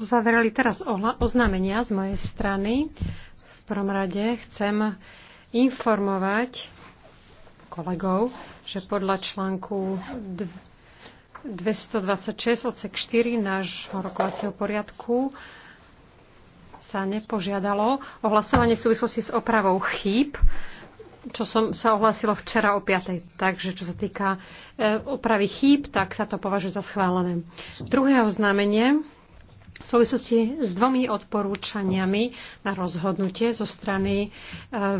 uzavreli teraz oznámenia z mojej strany. V prvom rade chcem informovať kolegov, že podľa článku 226 odsek 4 nášho rokovacieho poriadku sa nepožiadalo o hlasovanie v súvislosti s opravou chýb, čo som sa ohlásilo včera o 5. Takže čo sa týka e, opravy chýb, tak sa to považuje za schválené. Druhé oznámenie v súvislosti s dvomi odporúčaniami na rozhodnutie zo strany eh,